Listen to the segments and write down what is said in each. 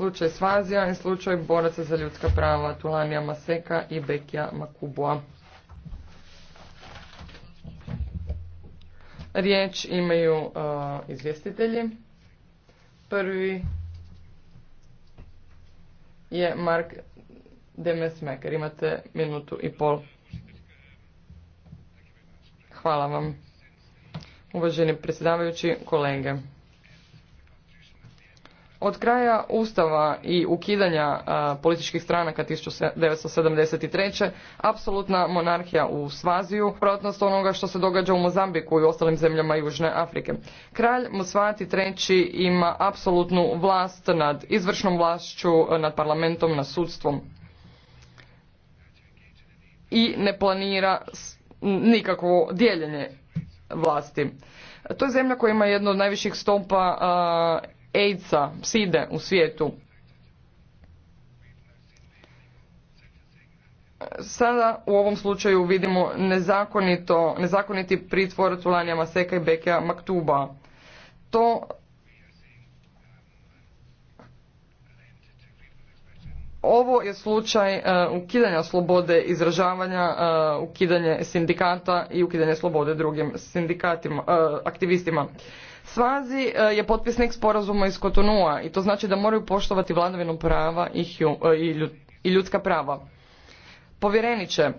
slučaj Svazija i slučaj boraca za ljudska prava Tulanija Maseka i Bekija Makuboa. Riječ imaju uh, izvjestitelji. Prvi je Mark Demesmeker. Imate minutu i pol. Hvala vam. Uvaženi predsjedavajući, kolege. Od kraja Ustava i ukidanja političkih stranaka 1973. apsolutna monarhija u Svaziju, protnost onoga što se događa u Mozambiku i ostalim zemljama Južne Afrike. Kralj Musvati III. ima apsolutnu vlast nad izvršnom vlašću, nad parlamentom, nad sudstvom. I ne planira nikakvo dijeljenje vlasti. To je zemlja koja ima jednu od najviših stopa AIDS-a, SIDE u svijetu. Sada u ovom slučaju vidimo nezakonito, nezakoniti pritvor Tulanija Maseka i Bekea Maktuba. To Ovo je slučaj e, ukidanja slobode izražavanja, e, ukidanje sindikata i ukidanje slobode drugim sindikatima, e, aktivistima. Svazi e, je potpisnik sporazuma iz Kotonua i to znači da moraju poštovati vladavinu prava e, i ljudska prava. Povjereniče,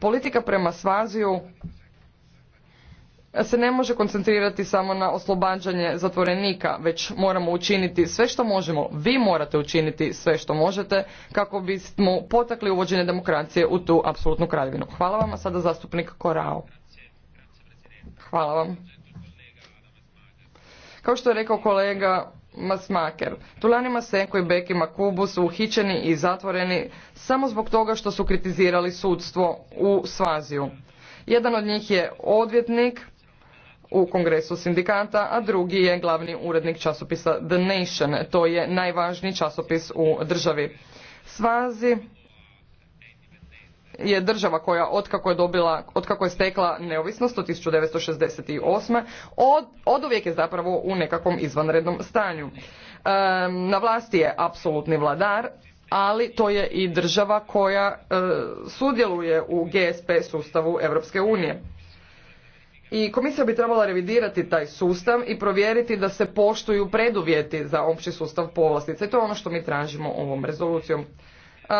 politika prema Svaziju se ne može koncentrirati samo na oslobađanje zatvorenika, već moramo učiniti sve što možemo. Vi morate učiniti sve što možete kako bismo potakli uvođenje demokracije u tu apsolutnu kraljevinu. Hvala vam, a sada zastupnik Korao. Hvala vam. Kao što je rekao kolega Masmaker, Tulani Masenko i Beki Makubu su uhićeni i zatvoreni samo zbog toga što su kritizirali sudstvo u Svaziju. Jedan od njih je odvjetnik u kongresu sindikata, a drugi je glavni urednik časopisa The Nation. To je najvažniji časopis u državi. Svazi je država koja otkako je dobila, otkako je stekla neovisnost od 1968. Od, od uvijek je zapravo u nekakvom izvanrednom stanju. na vlasti je apsolutni vladar, ali to je i država koja e, sudjeluje u GSP sustavu Europske unije. I komisija bi trebala revidirati taj sustav i provjeriti da se poštuju preduvjeti za opći sustav povlastica. I to je ono što mi tražimo ovom rezolucijom.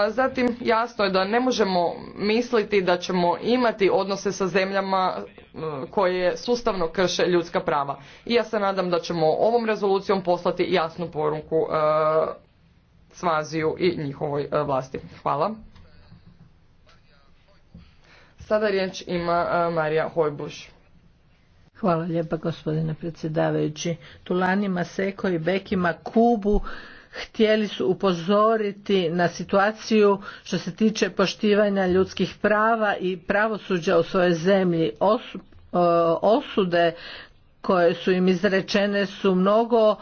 Zatim jasno je da ne možemo misliti da ćemo imati odnose sa zemljama e, koje sustavno krše ljudska prava. I ja se nadam da ćemo ovom rezolucijom poslati jasnu poruku e, Svaziju i njihovoj e, vlasti. Hvala. Sada riječ ima Marija Hojbuš. Hvala lijepa gospodine predsjedavajući. Tulanima, Seko Bekima, Kubu, htjeli su upozoriti na situaciju što se tiče poštivanja ljudskih prava i pravosuđa u svojoj zemlji osude koje su im izrečene su mnogo e,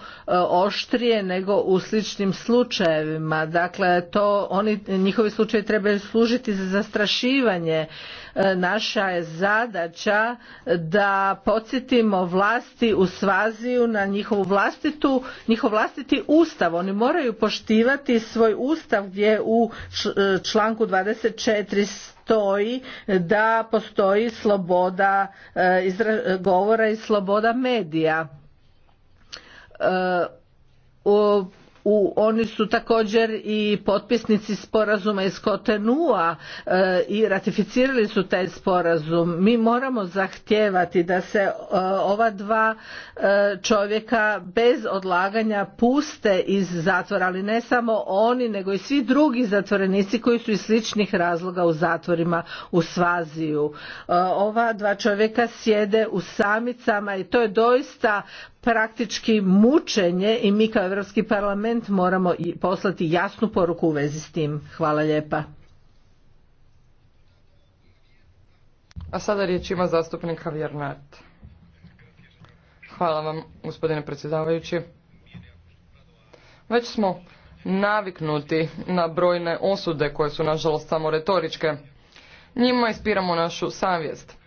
oštrije nego u sličnim slučajevima. Dakle, to oni, njihovi slučajevi trebaju služiti za zastrašivanje. E, naša je zadaća da podsjetimo vlasti u Svaziju na njihovu vlastitu, njihov vlastiti ustav. Oni moraju poštivati svoj ustav gdje u e, članku 24 stoji da postoji sloboda e, govora i sloboda medija e, u oni su također i potpisnici sporazuma iz Kotenua e, i ratificirali su taj sporazum. Mi moramo zahtijevati da se e, ova dva e, čovjeka bez odlaganja puste iz zatvora, ali ne samo oni, nego i svi drugi zatvorenici koji su iz sličnih razloga u zatvorima u Svaziju. Ova dva čovjeka sjede u samicama i to je doista praktički mučenje i mi kao Europski parlament moramo poslati jasnu poruku u vezi s tim. Hvala lijepa. A sada riječ ima zastupnik Javier Hvala vam, gospodine predsjedavajući. Već smo naviknuti na brojne osude koje su nažalost samo retoričke. Njima ispiramo našu savjest.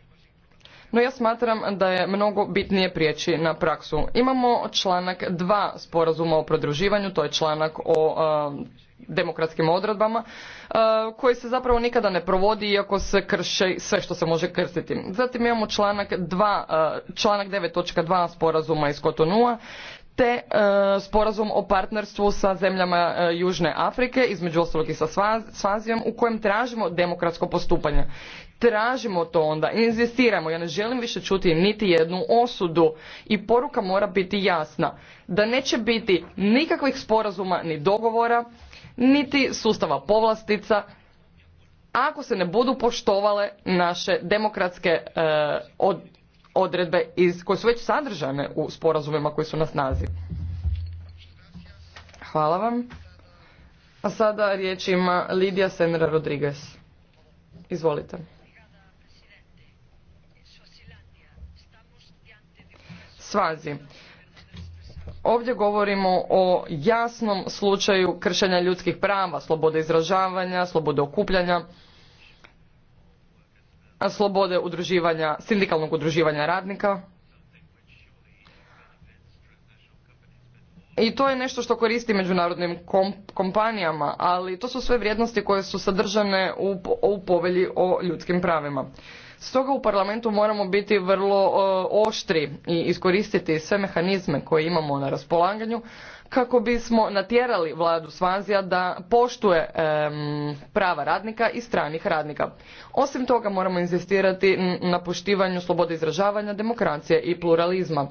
No ja smatram da je mnogo bitnije prijeći na praksu. Imamo članak 2 sporazuma o prodruživanju, to je članak o demokratskim odredbama koji se zapravo nikada ne provodi iako se krše sve što se može krstiti. Zatim imamo članak, 2, članak 9.2 sporazuma iz Kotonua te e, sporazum o partnerstvu sa zemljama e, Južne Afrike, između ostalog i sa Svazijom, u kojem tražimo demokratsko postupanje. Tražimo to onda, inzistiramo, ja ne želim više čuti niti jednu osudu i poruka mora biti jasna, da neće biti nikakvih sporazuma ni dogovora, niti sustava povlastica, ako se ne budu poštovale naše demokratske e, od, odredbe iz, koje su već sadržane u sporazumima koji su na snazi. Hvala vam. A sada riječ ima Lidija Senra Rodriguez. Izvolite. Svazi. Ovdje govorimo o jasnom slučaju kršenja ljudskih prava, slobode izražavanja, slobode okupljanja slobode udruživanja, sindikalnog udruživanja radnika. I to je nešto što koristi međunarodnim kompanijama, ali to su sve vrijednosti koje su sadržane u, u povelji o ljudskim pravima. Stoga u parlamentu moramo biti vrlo e, oštri i iskoristiti sve mehanizme koje imamo na raspolaganju kako bismo natjerali vladu Svanzija da poštuje prava radnika i stranih radnika. Osim toga moramo inzistirati na poštivanju slobode izražavanja, demokracije i pluralizma.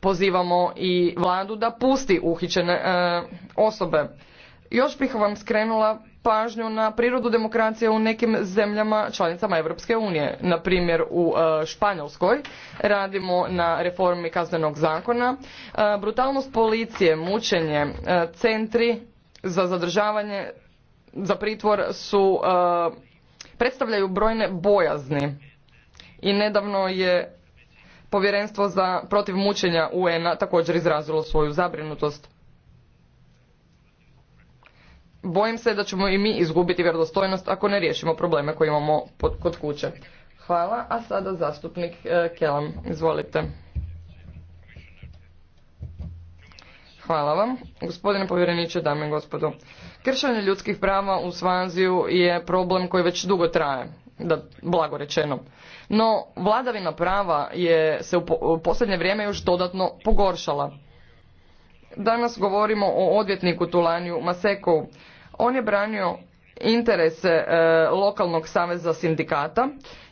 Pozivamo i vladu da pusti uhićene e, osobe. Još bih vam skrenula pažnju na prirodu demokracije u nekim zemljama članicama Europske unije. Na primjer u e, Španjolskoj radimo na reformi kaznenog zakona. E, brutalnost policije, mučenje, e, centri za zadržavanje, za pritvor su predstavljaju brojne bojazni. I nedavno je Povjerenstvo za protiv mučenja un također izrazilo svoju zabrinutost bojim se da ćemo i mi izgubiti vjerodostojnost ako ne riješimo probleme koje imamo kod kuće. Hvala, a sada zastupnik e, Kelam, izvolite. Hvala vam. Gospodine povjereniče, dame i gospodo. Kršenje ljudskih prava u Svanziju je problem koji već dugo traje, da blago rečeno. No, vladavina prava je se u posljednje vrijeme još dodatno pogoršala. Danas govorimo o odvjetniku Tulaniju Masekovu on je branio interese e, lokalnog saveza sindikata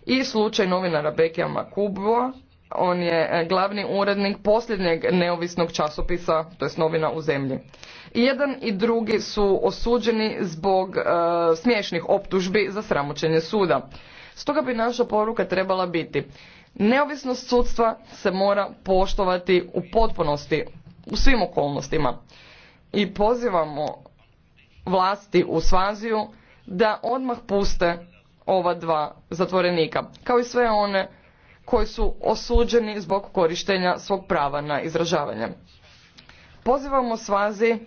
i slučaj novinara Bekija Makubo. On je e, glavni urednik posljednjeg neovisnog časopisa, to je novina u zemlji. I jedan i drugi su osuđeni zbog e, smiješnih optužbi za sramoćenje suda. Stoga bi naša poruka trebala biti neovisnost sudstva se mora poštovati u potpunosti, u svim okolnostima. I pozivamo vlasti u Svaziju da odmah puste ova dva zatvorenika, kao i sve one koji su osuđeni zbog korištenja svog prava na izražavanje. Pozivamo Svazi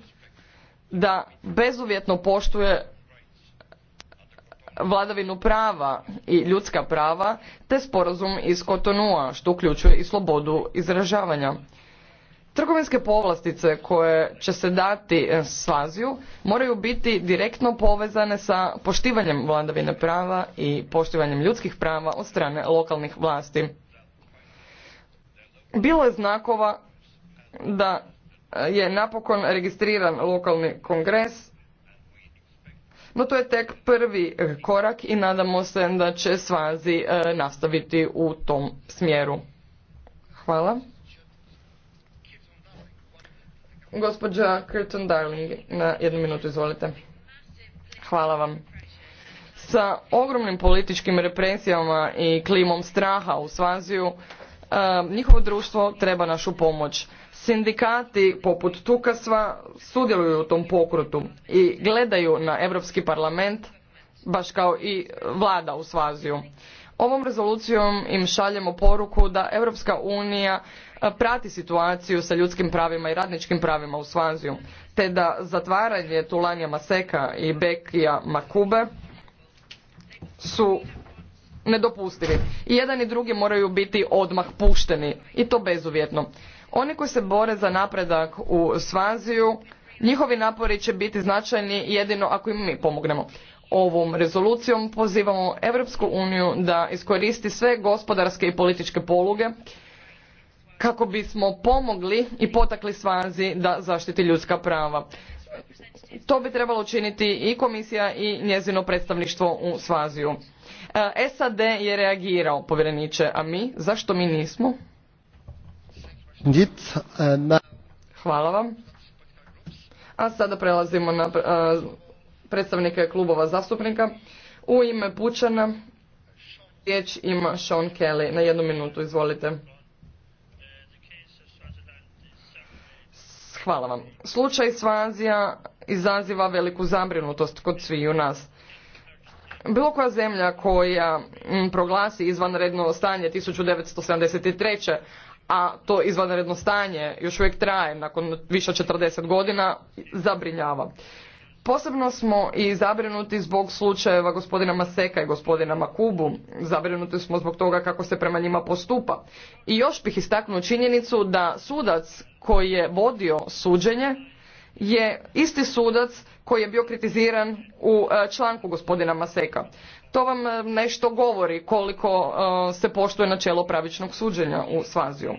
da bezuvjetno poštuje vladavinu prava i ljudska prava te sporazum iz Kotonua što uključuje i slobodu izražavanja. Trgovinske povlastice koje će se dati e, svaziju moraju biti direktno povezane sa poštivanjem vladavine prava i poštivanjem ljudskih prava od strane lokalnih vlasti. Bilo je znakova da e, je napokon registriran lokalni kongres, no to je tek prvi e, korak i nadamo se da će Svazi nastaviti u tom smjeru. Hvala. Gospođa Curtin Darling, na jednu minutu izvolite. Hvala vam. Sa ogromnim političkim represijama i klimom straha u Svaziju, e, njihovo društvo treba našu pomoć. Sindikati poput Tukasva sudjeluju u tom pokrutu i gledaju na Europski parlament baš kao i vlada u Svaziju. Ovom rezolucijom im šaljemo poruku da Europska unija e, prati situaciju sa ljudskim pravima i radničkim pravima u Svanziju, te da zatvaranje Tulanja Maseka i Bekija Makube su nedopustivi. I jedan i drugi moraju biti odmah pušteni i to bezuvjetno. Oni koji se bore za napredak u Svanziju, njihovi napori će biti značajni jedino ako im mi pomognemo ovom rezolucijom pozivamo Europsku uniju da iskoristi sve gospodarske i političke poluge kako bismo pomogli i potakli Svazi da zaštiti ljudska prava. To bi trebalo učiniti i komisija i njezino predstavništvo u Svaziju. E, SAD je reagirao, povjereniče, a mi? Zašto mi nismo? E, Hvala vam. A sada prelazimo na e, predstavnike klubova zastupnika. U ime Pučana riječ ima Sean Kelly. Na jednu minutu, izvolite. Hvala vam. Slučaj Svazija izaziva veliku zabrinutost kod sviju nas. Bilo koja zemlja koja mm, proglasi izvanredno stanje 1973. a to izvanredno stanje još uvijek traje nakon više od 40 godina, zabrinjava. Posebno smo i zabrinuti zbog slučajeva gospodina Maseka i gospodina Makubu. Zabrinuti smo zbog toga kako se prema njima postupa. I još bih istaknuo činjenicu da sudac koji je vodio suđenje je isti sudac koji je bio kritiziran u e, članku gospodina Maseka. To vam e, nešto govori koliko e, se poštuje načelo pravičnog suđenja u Svaziju.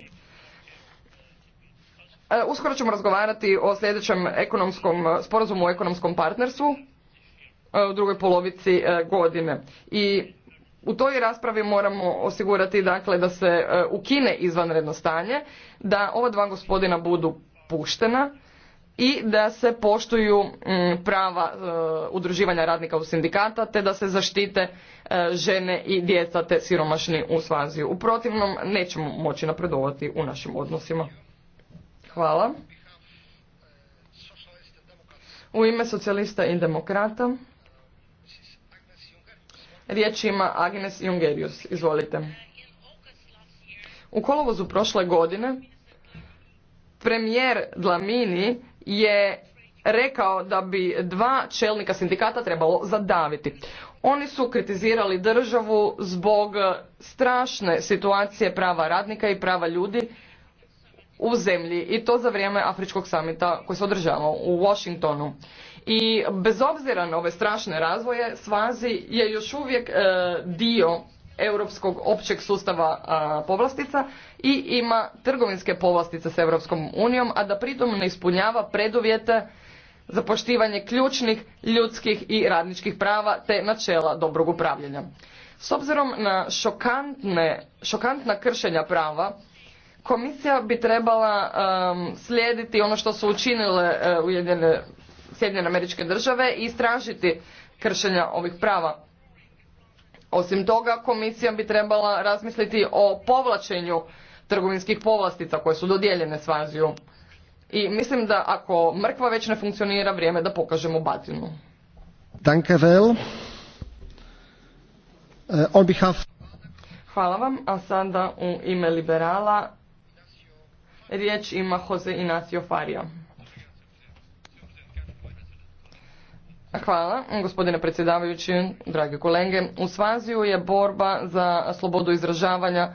E, uskoro ćemo razgovarati o sljedećem ekonomskom, sporazumu o ekonomskom partnerstvu e, u drugoj polovici e, godine. I u toj raspravi moramo osigurati dakle da se ukine izvanredno stanje, da ova dva gospodina budu puštena i da se poštuju prava udruživanja radnika u sindikata te da se zaštite žene i djeca te siromašni u Svaziju. U protivnom nećemo moći napredovati u našim odnosima. Hvala. U ime socijalista i demokrata riječ ima Agnes Jungerius. Izvolite. U kolovozu prošle godine premijer Dlamini je rekao da bi dva čelnika sindikata trebalo zadaviti. Oni su kritizirali državu zbog strašne situacije prava radnika i prava ljudi u zemlji i to za vrijeme Afričkog samita koji se održava u Washingtonu. I bez obzira na ove strašne razvoje, Svazi je još uvijek e, dio europskog općeg sustava povlastica i ima trgovinske povlastice s Europskom unijom, a da pritom ne ispunjava preduvjete za poštivanje ključnih ljudskih i radničkih prava te načela dobrog upravljanja. S obzirom na šokantne, šokantna kršenja prava, Komisija bi trebala slijediti ono što su učinile uh, e, ujedine, Sjedinjene američke države i istražiti kršenja ovih prava. Osim toga, komisija bi trebala razmisliti o povlačenju trgovinskih povlastica koje su dodijeljene s I mislim da ako mrkva već ne funkcionira, vrijeme da pokažemo batinu. Danke eh, On behalf... Hvala vam, a sada u ime liberala Riječ ima Jose Inacio Faria. Hvala, gospodine predsjedavajući, drage kolege. U Svaziju je borba za slobodu izražavanja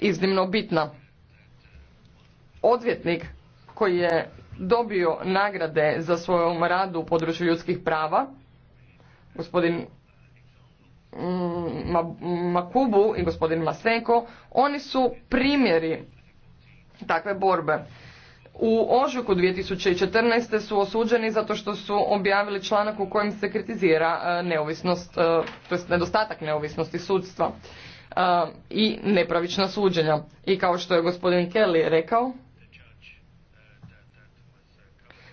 iznimno bitna. Odvjetnik koji je dobio nagrade za svojom radu u području ljudskih prava, gospodin mm, Makubu i gospodin Maseko, oni su primjeri takve borbe. U ožujku 2014. su osuđeni zato što su objavili članak u kojem se kritizira e, neovisnost, e, to nedostatak neovisnosti sudstva e, i nepravična suđenja. I kao što je gospodin Kelly rekao,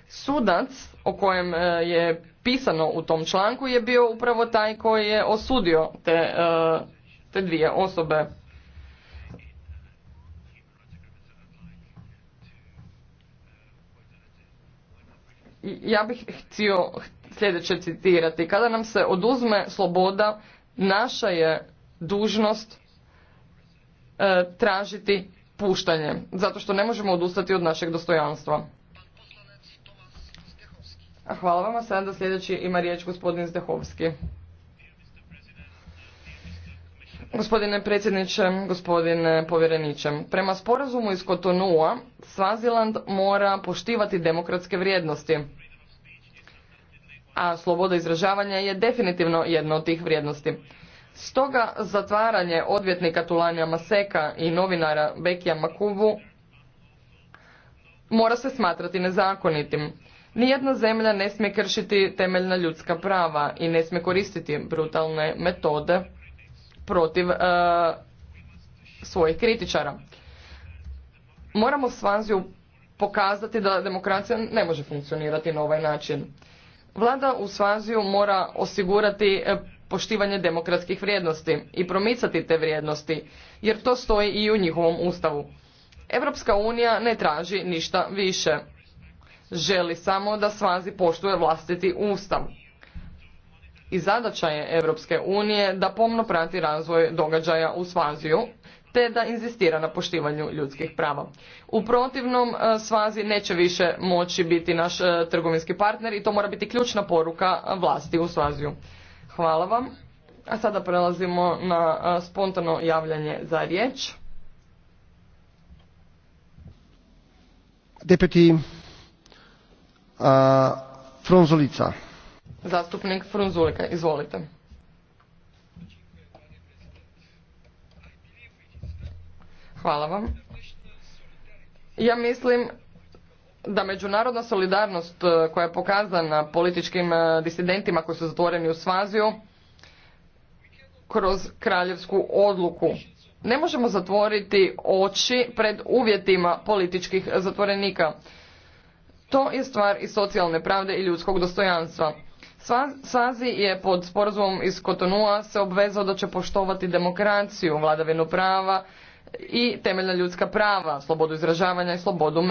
sudac o kojem je pisano u tom članku je bio upravo taj koji je osudio te, te dvije osobe ja bih htio sljedeće citirati. Kada nam se oduzme sloboda, naša je dužnost e, tražiti puštanje, zato što ne možemo odustati od našeg dostojanstva. Hvala vam, a sada sljedeći ima riječ gospodin Zdehovski. Gospodine predsjedniče, gospodine povjereniče, prema sporazumu iz Kotonua, Svaziland mora poštivati demokratske vrijednosti. A sloboda izražavanja je definitivno jedna od tih vrijednosti. Stoga zatvaranje odvjetnika Tulanja Maseka i novinara Bekija Makuvu mora se smatrati nezakonitim. Nijedna zemlja ne smije kršiti temeljna ljudska prava i ne smije koristiti brutalne metode protiv e, svojih kritičara. Moramo Svanziju pokazati da demokracija ne može funkcionirati na ovaj način. Vlada u Svaziju mora osigurati e, poštivanje demokratskih vrijednosti i promicati te vrijednosti, jer to stoji i u njihovom ustavu. Europska unija ne traži ništa više. Želi samo da Svazi poštuje vlastiti ustav i zadaća je Europske unije da pomno prati razvoj događaja u Svaziju te da inzistira na poštivanju ljudskih prava. U protivnom e, Svazi neće više moći biti naš e, trgovinski partner i to mora biti ključna poruka vlasti u Svaziju. Hvala vam. A sada prelazimo na e, spontano javljanje za riječ. Deputy Fronzolica. Zastupnik Frunzulika, izvolite. Hvala vam. Ja mislim da međunarodna solidarnost e, koja je pokazana političkim e, disidentima koji su zatvoreni u Svaziju kroz kraljevsku odluku. Ne možemo zatvoriti oči pred uvjetima političkih zatvorenika. To je stvar i socijalne pravde i ljudskog dostojanstva. Sazi je pod sporazumom iz Kotonua se obvezao da će poštovati demokraciju, vladavinu prava i temeljna ljudska prava, slobodu izražavanja i slobodu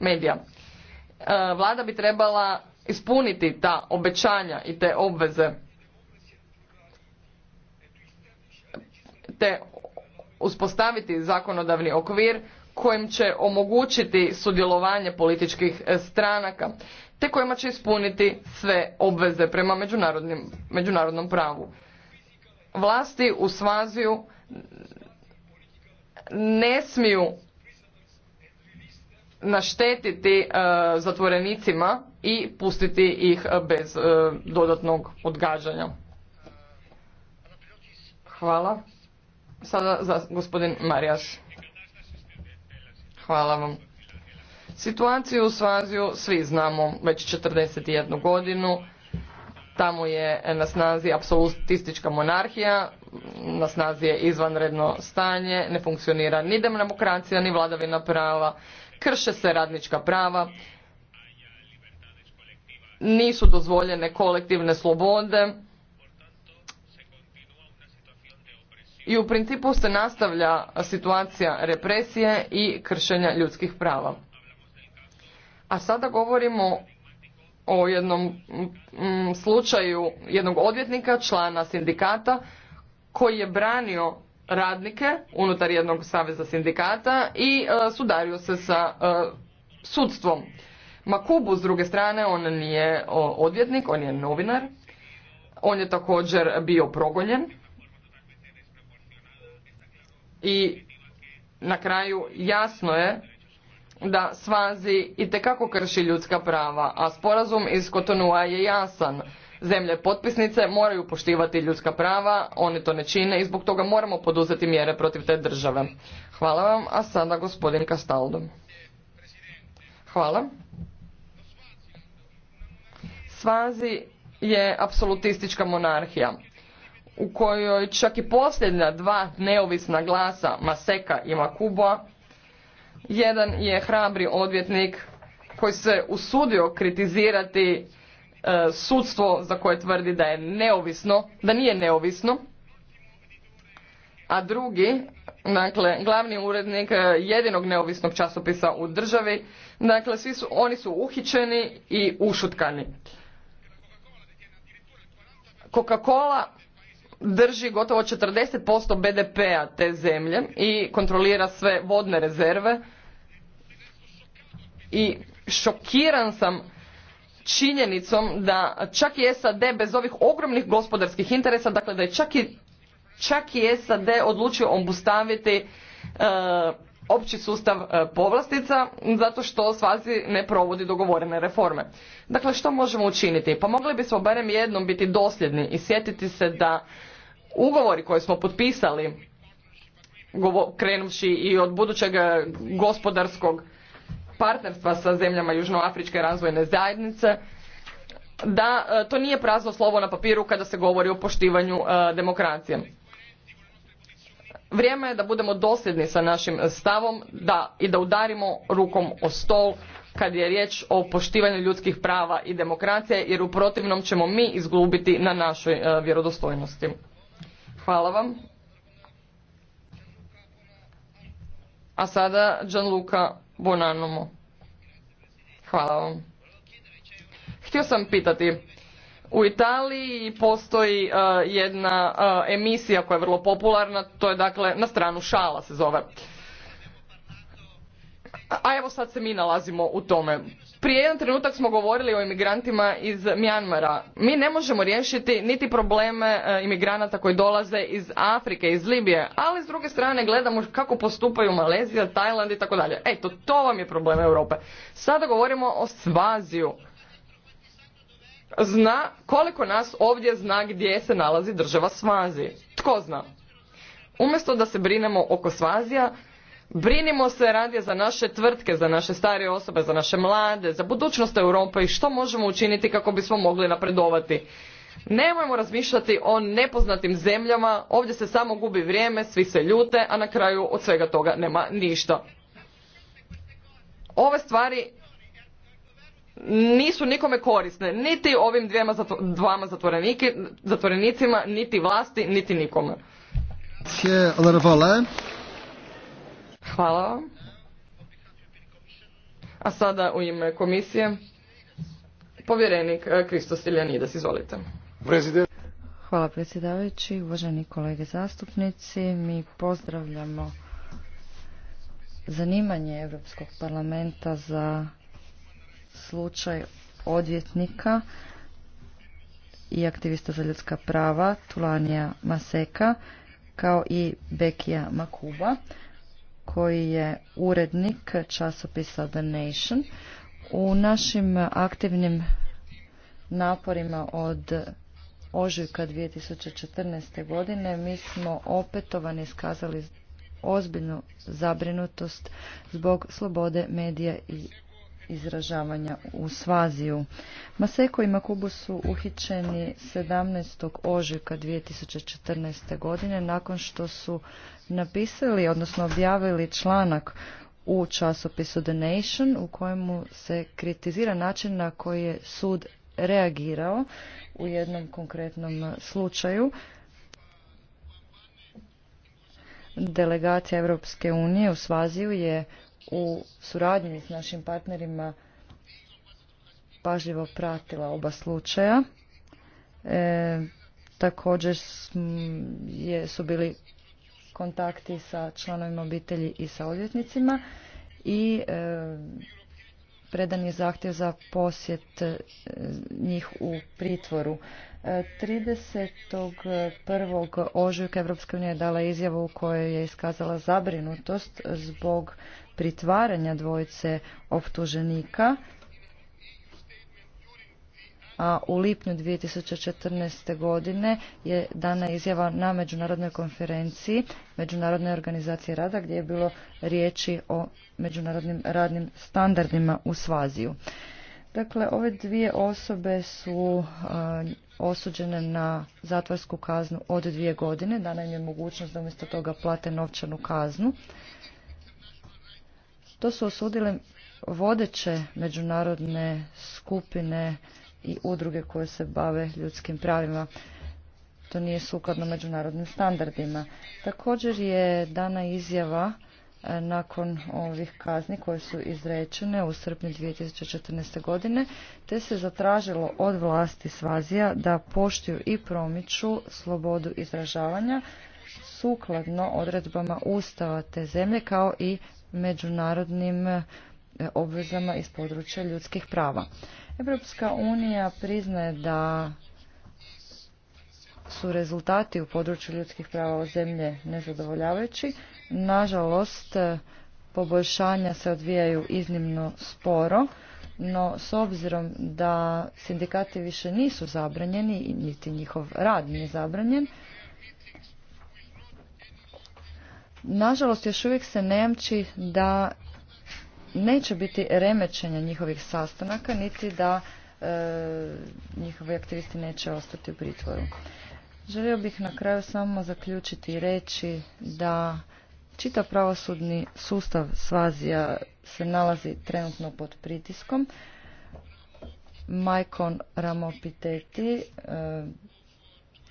medija. E, Vlada bi trebala ispuniti ta obećanja i te obveze te uspostaviti zakonodavni okvir kojim će omogućiti sudjelovanje političkih e, stranaka te kojima će ispuniti sve obveze prema međunarodnom pravu. Vlasti u Svaziju ne smiju naštetiti e, zatvorenicima i pustiti ih e, bez e, dodatnog odgađanja. Hvala. Sada za gospodin Marijas. Hvala vam. Situaciju u Svaziju svi znamo već 41 godinu. Tamo je na snazi apsolutistička monarhija, na snazi je izvanredno stanje, ne funkcionira ni demokracija, ni vladavina prava, krše se radnička prava, nisu dozvoljene kolektivne slobode i u principu se nastavlja situacija represije i kršenja ljudskih prava. A sada govorimo o jednom mm, slučaju jednog odvjetnika, člana sindikata, koji je branio radnike unutar jednog saveza sindikata i e, sudario se sa e, sudstvom. Makubu, s druge strane, on nije odvjetnik, on je novinar. On je također bio progonjen. I na kraju jasno je da Svazi i krši ljudska prava, a sporazum iz Kotonua je jasan. Zemlje potpisnice moraju poštivati ljudska prava, oni to ne čine i zbog toga moramo poduzeti mjere protiv te države. Hvala vam, a sada gospodin Kastaldo. Hvala. Svazi je apsolutistička monarhija u kojoj čak i posljednja dva neovisna glasa Maseka i Makuboa jedan je hrabri odvjetnik koji se usudio kritizirati e, sudstvo za koje tvrdi da je neovisno, da nije neovisno. A drugi, dakle, glavni urednik e, jedinog neovisnog časopisa u državi, dakle, svi su, oni su uhićeni i ušutkani. Coca-Cola drži gotovo 40% BDP-a te zemlje i kontrolira sve vodne rezerve i šokiran sam činjenicom da čak i SAD bez ovih ogromnih gospodarskih interesa, dakle da je čak i, čak i SAD odlučio obustaviti e, opći sustav e, povlastica zato što svazi ne provodi dogovorene reforme. Dakle, što možemo učiniti? Pa mogli bismo barem jednom biti dosljedni i sjetiti se da ugovori koje smo potpisali krenući i od budućeg eh, gospodarskog partnerstva sa zemljama Južnoafričke razvojne zajednice, da eh, to nije prazno slovo na papiru kada se govori o poštivanju eh, demokracije. Vrijeme je da budemo dosljedni sa našim stavom da, i da udarimo rukom o stol kad je riječ o poštivanju ljudskih prava i demokracije jer u protivnom ćemo mi izgubiti na našoj vjerodostojnosti. Hvala vam. A sada Gianluca Bonanomo. Hvala vam. Htio sam pitati, u Italiji postoji e, jedna e, emisija koja je vrlo popularna, to je dakle na stranu šala se zove. A evo sad se mi nalazimo u tome prije jedan trenutak smo govorili o imigrantima iz Mjanmara. Mi ne možemo riješiti niti probleme e, imigranata koji dolaze iz Afrike, iz Libije, ali s druge strane gledamo kako postupaju Malezija, Tajland i tako dalje. Eto, to vam je problem Europe. Sada govorimo o Svaziju. Zna koliko nas ovdje zna gdje se nalazi država Svazi. Tko zna? Umjesto da se brinemo oko Svazija, Brinimo se radije za naše tvrtke, za naše starije osobe, za naše mlade, za budućnost Europe i što možemo učiniti kako bismo mogli napredovati. Nemojmo razmišljati o nepoznatim zemljama, ovdje se samo gubi vrijeme, svi se ljute, a na kraju od svega toga nema ništa. Ove stvari nisu nikome korisne, niti ovim dvijema dvama zatvorenicima, niti vlasti, niti nikome. Hvala vam. A sada u ime komisije povjerenik eh, Kristos Iljanides, izvolite. Hvala predsjedavajući, uvaženi kolege zastupnici. Mi pozdravljamo zanimanje Europskog parlamenta za slučaj odvjetnika i aktivista za ljudska prava Tulanija Maseka kao i Bekija Makuba koji je urednik časopisa The Nation. U našim aktivnim naporima od ožujka 2014. godine mi smo opetovano iskazali ozbiljnu zabrinutost zbog slobode medija i izražavanja u Svaziju. Maseko i Makubu su uhićeni 17. ožujka 2014. godine nakon što su napisali, odnosno objavili članak u časopisu The Nation u kojemu se kritizira način na koji je sud reagirao u jednom konkretnom slučaju. Delegacija Europske unije u Svaziju je u suradnji s našim partnerima pažljivo pratila oba slučaja. E, također je, su bili kontakti sa članovima obitelji i sa odvjetnicima i e, predan je zahtjev za posjet e, njih u pritvoru. 31. E, ožujka Evropska unija je dala izjavu u kojoj je iskazala zabrinutost zbog pritvaranja dvojice optuženika a u lipnju 2014. godine je dana izjava na međunarodnoj konferenciji Međunarodne organizacije rada gdje je bilo riječi o međunarodnim radnim standardima u Svaziju. Dakle, ove dvije osobe su osuđene na zatvorsku kaznu od dvije godine. Dana im je mogućnost da umjesto toga plate novčanu kaznu. To su osudile vodeće međunarodne skupine i udruge koje se bave ljudskim pravima. To nije sukladno međunarodnim standardima. Također je dana izjava e, nakon ovih kazni koje su izrečene u srpnju 2014. godine, te se zatražilo od vlasti Svazija da poštuju i promiču slobodu izražavanja sukladno odredbama Ustava te zemlje kao i međunarodnim obvezama iz područja ljudskih prava. Europska unija priznaje da su rezultati u području ljudskih prava o zemlje nezadovoljavajući. Nažalost, poboljšanja se odvijaju iznimno sporo, no s obzirom da sindikati više nisu zabranjeni, niti njihov rad nije zabranjen, Nažalost, još uvijek se ne jamči da neće biti remećenja njihovih sastanaka, niti da e, njihovi aktivisti neće ostati u pritvoru. Želio bih na kraju samo zaključiti i reći da čitav pravosudni sustav Svazija se nalazi trenutno pod pritiskom. Majkon Ramopiteti e,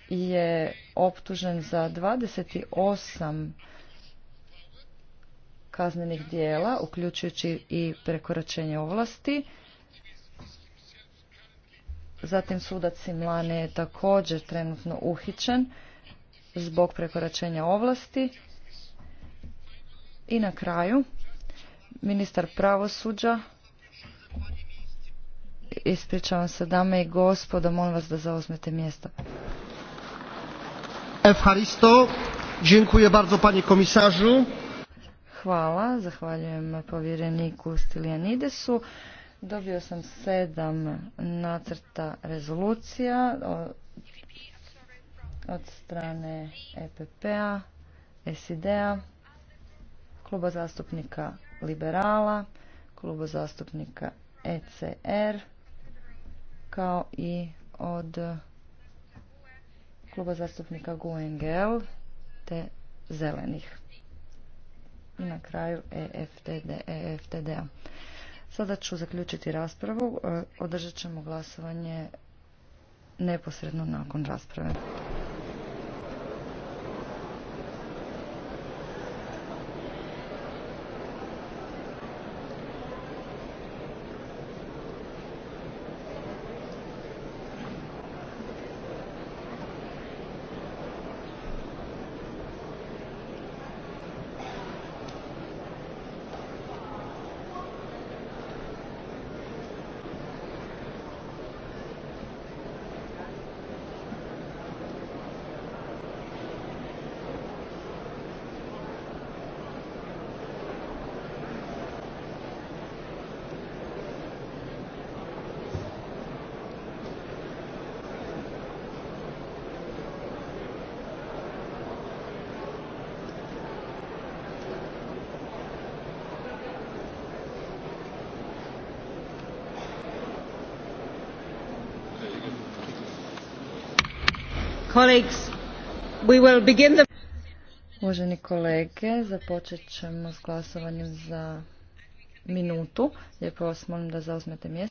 je optužen za 28 kaznenih dijela, uključujući i prekoračenje ovlasti. Zatim sudac Simlane je također trenutno uhićen zbog prekoračenja ovlasti. I na kraju, ministar pravosuđa, ispričavam se dame i gospodo, molim vas da zauzmete mjesto. Evharisto, dziękuję bardzo panie komisarzu. Hvala, zahvaljujem povjereniku Stilijanidesu. Dobio sam sedam nacrta rezolucija od strane EPP-a, SID-a, kluba zastupnika Liberala, kluba zastupnika ECR, kao i od kluba zastupnika GUNGL te Zelenih. I na kraju EFTD-a. E Sada ću zaključiti raspravu. E, održat ćemo glasovanje neposredno nakon rasprave. Uvaženi kolege, započet ćemo s glasovanjem za minutu. Lijepo vas molim da zauzmete mjesto.